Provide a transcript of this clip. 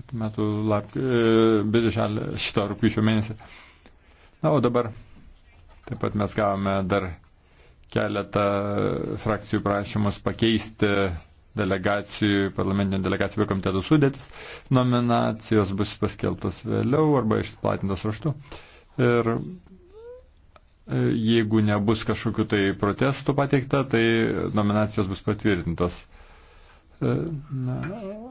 šitų metų lap, e, birželį, šito rūpiučio mėnesį. Na, o dabar taip pat mes gavome dar keletą frakcijų prašymus pakeisti delegacijų, parlamentinio delegacijų komitetų sudėtis. Nominacijos bus paskelbtos vėliau arba išplatintos raštu. Ir e, jeigu nebus kažkokiu tai protestu pateikta, tai nominacijos bus patvirtintos. E, na,